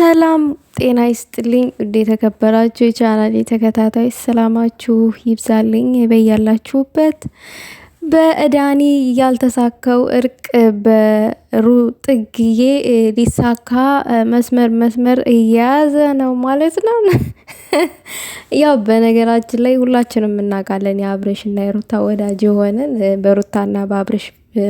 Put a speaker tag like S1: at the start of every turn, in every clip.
S1: ሰላም ጤና ይስጥልኝ ውድ የተከበራችሁ የቻናል ተከታታዮች ሰላማችሁ ይብዛልኝ በያላችሁበት። በዳኒ ያልተሳካው እርቅ በሩ ጥግዬ ሊሳካ መስመር መስመር እየያዘ ነው ማለት ነው። ያው በነገራችን ላይ ሁላችንም እናውቃለን የአብርሽ እና የሩታ ወዳጅ የሆንን በሩታና በአብርሽ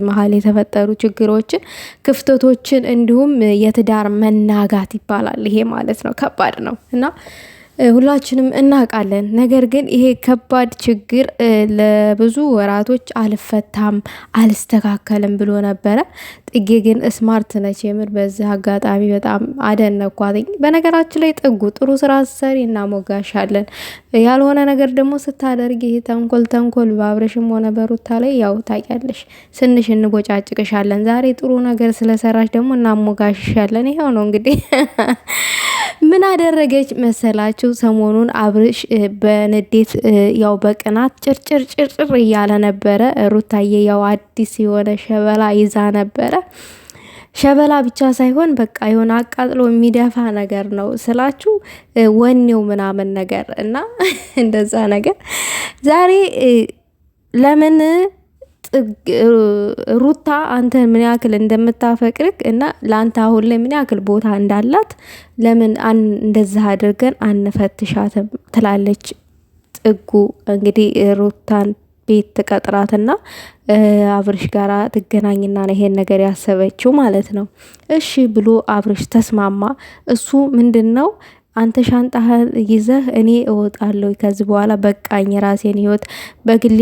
S1: መሀል የተፈጠሩ ችግሮችን፣ ክፍተቶችን እንዲሁም የትዳር መናጋት ይባላል። ይሄ ማለት ነው። ከባድ ነው እና ሁላችንም እናውቃለን። ነገር ግን ይሄ ከባድ ችግር ለብዙ ወራቶች አልፈታም አልስተካከልም ብሎ ነበረ። ጥጌ ግን ስማርት ነች የምር። በዚህ አጋጣሚ በጣም አደነኳትኝ። በነገራችን ላይ ጥጉ ጥሩ ስራ ሰሪ እናሞጋሻለን። ያልሆነ ነገር ደግሞ ስታደርግ ይሄ ተንኮል ተንኮል በአብረሽም ሆነ በሩታ ላይ ያው ታውቂያለሽ፣ ስንሽ እንቦጫጭቅሻለን። ዛሬ ጥሩ ነገር ስለሰራሽ ደግሞ እናሞጋሻለን። ይኸው ነው እንግዲህ ምን አደረገች መሰላችሁ? ሰሞኑን አብርሽ በንዴት ያው በቅናት ጭርጭር ጭርጭር እያለ ነበረ። ሩታዬ ያው አዲስ የሆነ ሸበላ ይዛ ነበረ። ሸበላ ብቻ ሳይሆን በቃ የሆነ አቃጥሎ የሚደፋ ነገር ነው ስላችሁ ወኔው ምናምን ነገር እና እንደዛ ነገር ዛሬ ለምን ሩታ አንተን ምን ያክል እንደምታፈቅርክ እና ለአንተ አሁን ላይ ምን ያክል ቦታ እንዳላት ለምን እንደዚህ አድርገን አንፈትሻትም ትላለች። ጥጉ እንግዲህ ሩታን ቤት ትቀጥራትና አብርሽ ጋር ትገናኝና ነው ይሄን ነገር ያሰበችው ማለት ነው። እሺ ብሎ አብርሽ ተስማማ። እሱ ምንድን ነው አንተ ሻንጣ ይዘህ እኔ እወጣለሁ፣ ከዚህ በኋላ በቃኝ፣ ራሴን ህይወት በግሌ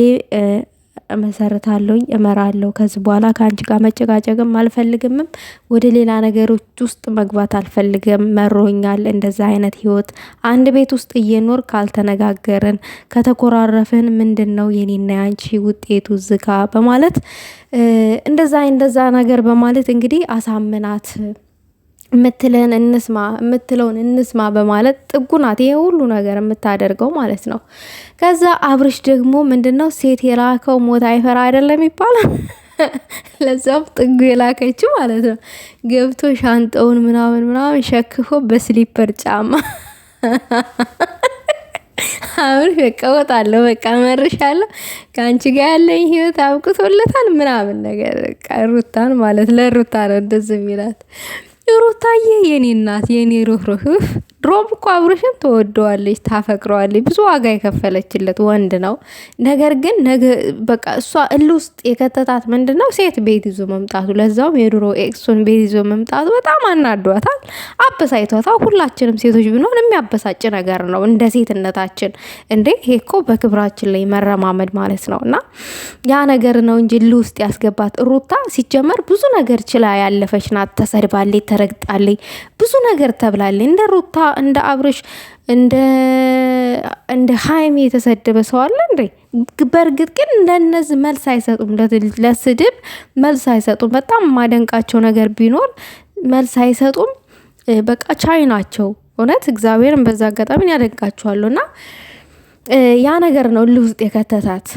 S1: መሰርታለሁኝ እመራለሁ። ከዚህ በኋላ ከአንቺ ጋር መጨቃጨቅም አልፈልግምም ወደ ሌላ ነገሮች ውስጥ መግባት አልፈልግም። መሮኛል እንደዛ አይነት ህይወት አንድ ቤት ውስጥ እየኖር ካልተነጋገርን ከተኮራረፍን ምንድን ነው የኔና ያንቺ ውጤቱ ዝጋ በማለት እንደዛ እንደዛ ነገር በማለት እንግዲህ አሳምናት የምትልህን እንስማ የምትለውን እንስማ በማለት ጥጉ ናት ይሄ ሁሉ ነገር የምታደርገው ማለት ነው። ከዛ አብርሽ ደግሞ ምንድን ነው ሴት የላከው ሞት አይፈራ አይደለም ይባላል። ለዛም ጥጉ የላከችው ማለት ነው። ገብቶ ሻንጠውን ምናምን ምናምን ሸክፎ በስሊፐር ጫማ አብርሽ በቃ እወጣለሁ፣ በቃ መርሻለሁ፣ ከአንቺ ጋር ያለኝ ህይወት አብቅቶለታል ምናምን ነገር ሩታን ማለት ለሩታ ነው እንደዚህ የሚላት ሩታዬ የኔ እናት የኔ ርህርህፍ ድሮም እኮ አብርሽን ተወደዋለች፣ ታፈቅረዋለች። ብዙ ዋጋ የከፈለችለት ወንድ ነው። ነገር ግን በቃ እሷ እል ውስጥ የከተታት ምንድን ነው ሴት ቤት ይዞ መምጣቱ፣ ለዛውም የድሮ ኤክሱን ቤት ይዞ መምጣቱ በጣም አናዷታል፣ አበሳይቷታ ሁላችንም ሴቶች ብንሆን የሚያበሳጭ ነገር ነው። እንደ ሴትነታችን እንዴ ይሄ እኮ በክብራችን ላይ መረማመድ ማለት ነው። እና ያ ነገር ነው እንጂ ል ውስጥ ያስገባት ሩታ ሲጀመር ብዙ ነገር ችላ ያለፈች ናት። ተሰድባለች፣ ተረግጣለች፣ ብዙ ነገር ተብላለች። እንደ ሩታ እንደ አብርሽ እንደ ሀይሚ የተሰደበ ሰው አለ እንዴ? በእርግጥ ግን ለእነዚህ መልስ አይሰጡም፣ ለስድብ መልስ አይሰጡም። በጣም የማደንቃቸው ነገር ቢኖር መልስ አይሰጡም። በቃ ቻይ ናቸው። እውነት እግዚአብሔርን በዛ አጋጣሚ ያደጋችኋለሁ እና ያ ነገር ነው ልውስጥ የከተታት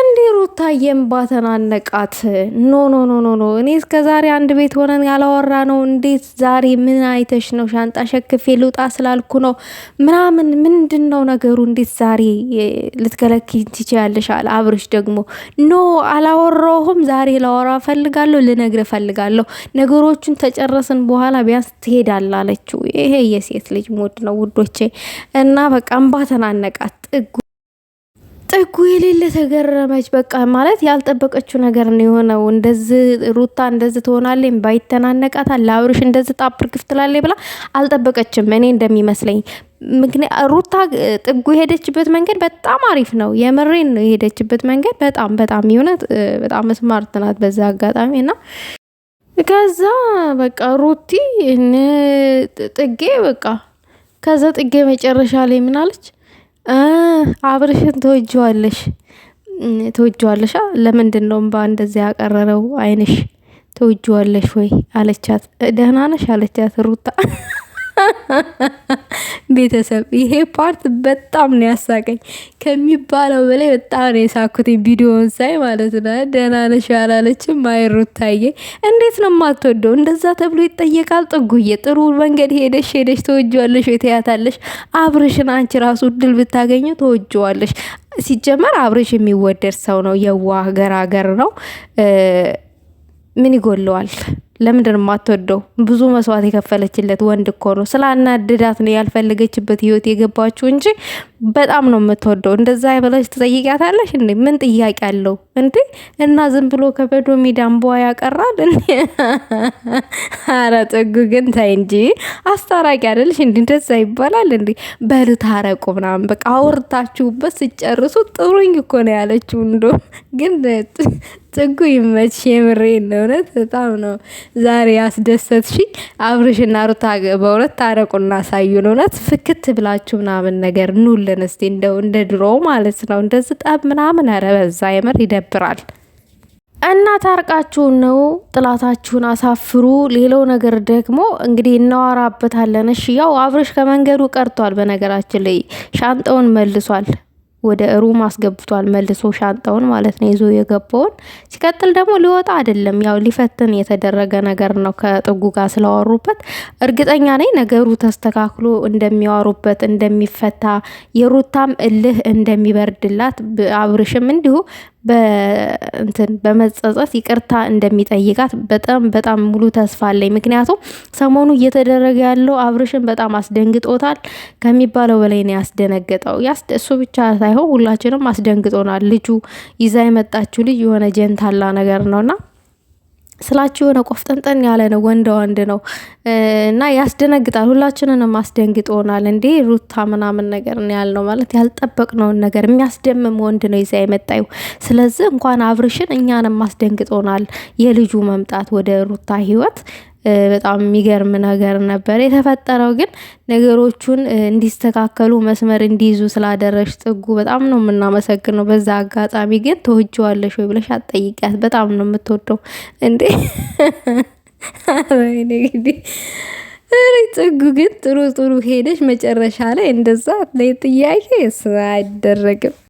S1: እንዲህ ሩታዬም ባተናነቃት። ኖ ኖ ኖ ኖ ኖ እኔ እስከ ዛሬ አንድ ቤት ሆነን ያላወራ ነው። እንዴት ዛሬ ምን አይተሽ ነው ሻንጣ ሸክፌ ልውጣ ስላልኩ ነው ምናምን ምንድን ነው ነገሩ? እንዴት ዛሬ ልትከለኪኝ ትችያለሽ? አለ አብርሽ ደግሞ ኖ አላወራሁም። ዛሬ ላወራ ፈልጋለሁ፣ ልነግር ፈልጋለሁ። ነገሮቹን ተጨረስን በኋላ ቢያንስ ትሄዳል አለችው። ይሄ የሴት ልጅ ሞድ ነው ውዶቼ። እና በቃ እምባ ተናነቃት ጥጉ ጥጉ የሌለ ተገረመች። በቃ ማለት ያልጠበቀችው ነገር ነው የሆነው። እንደዚ ሩታ እንደዚ ትሆናለኝ ባይተናነቃታል ለአብርሽ እንደዚ ጣፕር ክፍትላለኝ ብላ አልጠበቀችም። እኔ እንደሚመስለኝ ምክንያት ሩታ ጥጉ የሄደችበት መንገድ በጣም አሪፍ ነው። የምሬን ነው የሄደችበት መንገድ በጣም በጣም የእውነት በጣም ስማርት ናት። በዛ አጋጣሚ እና ከዛ በቃ ሩቲ ጥጌ በቃ ከዛ ጥጌ መጨረሻ ላይ ምናለች አብርሽን ተወጅዋለሽ ተወጅዋለሽ ለምንድን ነው እምባ እንደዚያ ያቀረረው አይንሽ ተወጅዋለሽ ወይ አለቻት። ደህና ነሽ አለቻት ሩታ ቤተሰብ ይሄ ፓርት በጣም ነው ያሳቀኝ ከሚባለው በላይ በጣም ነው የሳኩት። ቪዲዮውን ሳይ ማለት ነው። ደህና ነሽ ያላለችም አይሩት ታየ። እንዴት ነው የማትወደው? እንደዛ ተብሎ ይጠየቃል። ጥጉዬ ጥሩ መንገድ ሄደሽ ሄደሽ ተወጅዋለሽ ወይ ትያታለሽ። አብርሽን አንቺ ራሱ ድል ብታገኘው ተወጅዋለሽ። ሲጀመር አብርሽ የሚወደድ ሰው ነው። የዋህ ገራገር ነው። ምን ይጎለዋል? ለምንድን የማትወደው? ብዙ መስዋዕት የከፈለችለት ወንድ እኮ ነው። ስላናደዳት ነው ያልፈለገችበት ህይወት የገባችው እንጂ በጣም ነው የምትወደው። እንደዛ ብለሽ ትጠይቂያታለሽ እንዴ? ምን ጥያቄ አለው እንዴ? እና ዝም ብሎ ከበዶ በዋ ያቀራል እን ኧረ ጥጉ ግን እንጂ አስታራቂ አደልሽ እንዲ? እንደዛ ይባላል እንዴ? በል ታረቁ ምናምን በቃ አውርታችሁበት ስጨርሱ ጥሩኝ እኮ ነው ያለችው። እንዶ ግን ጥጉ ይመች። የምሬን እውነት በጣም ነው ዛሬ ያስደሰትሽኝ። አብርሽና ሩታ በእውነት ታረቁና ሳዩን። እውነት ፍክት ብላችሁ ምናምን ነገር ኑልን እስቲ እንደው እንደ ድሮ ማለት ነው። እንደዚህ ጠብ ምናምን ኧረ በዛ የምር ይደብራል። እና ታርቃችሁን ነው ጥላታችሁን አሳፍሩ። ሌላው ነገር ደግሞ እንግዲህ እናወራበታለን። እሺ ያው አብርሽ ከመንገዱ ቀርቷል። በነገራችን ላይ ሻንጣውን መልሷል። ወደ ሩም አስገብቷል መልሶ ሻንጣውን ማለት ነው ይዞ የገባውን። ሲቀጥል ደግሞ ሊወጣ አይደለም ያው ሊፈትን የተደረገ ነገር ነው ከጥጉ ጋር ስላወሩበት እርግጠኛ ነኝ ነገሩ ተስተካክሎ እንደሚያወሩበት እንደሚፈታ፣ የሩታም እልህ እንደሚበርድላት አብርሽም እንዲሁ በእንትን በመጸጸት ይቅርታ እንደሚጠይቃት በጣም በጣም ሙሉ ተስፋ አለኝ። ምክንያቱም ሰሞኑ እየተደረገ ያለው አብርሽን በጣም አስደንግጦታል። ከሚባለው በላይ ነው ያስደነገጠው። እሱ ብቻ ሳይሆን ሁላችንም አስደንግጦናል። ልጁ ይዛ የመጣችው ልጅ የሆነ ጀንታላ ነገር ነውና ስላችሁ የሆነ ቆፍጠንጠን ያለ ነው፣ ወንደ ወንድ ነው እና ያስደነግጣል። ሁላችንንም አስደንግጦናል። እንዴ ሩታ ምናምን ነገር ነው ማለት ያልጠበቅነውን ነገር የሚያስደምም ወንድ ነው ይዛ የመጣዩ። ስለዚህ እንኳን አብርሽን እኛንም አስደንግጦናል የልጁ መምጣት ወደ ሩታ ህይወት በጣም የሚገርም ነገር ነበር የተፈጠረው። ግን ነገሮቹን እንዲስተካከሉ መስመር እንዲይዙ ስላደረሽ ጥጉ በጣም ነው የምናመሰግነው። በዛ አጋጣሚ ግን ተወጅዋለሽ ወይ ብለሽ አትጠይቂያት። በጣም ነው የምትወደው እንዴ! ወይኔ እንግዲህ ጥጉ ግን ጥሩ ጥሩ ሄደሽ መጨረሻ ላይ እንደዛ ላይ ጥያቄ አይደረግም።